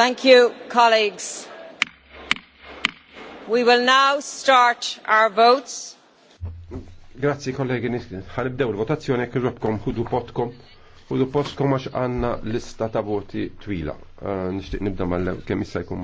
Thank you, colleagues. We will now start our votes. Grazzi kollegi, ħanibdew il-votazzjoni jekk irrobkom ħudu potkom. Ħudu postkom għax għandna lista ta' voti twila. Eh, nixtieq nibda mal-kemm issa jkun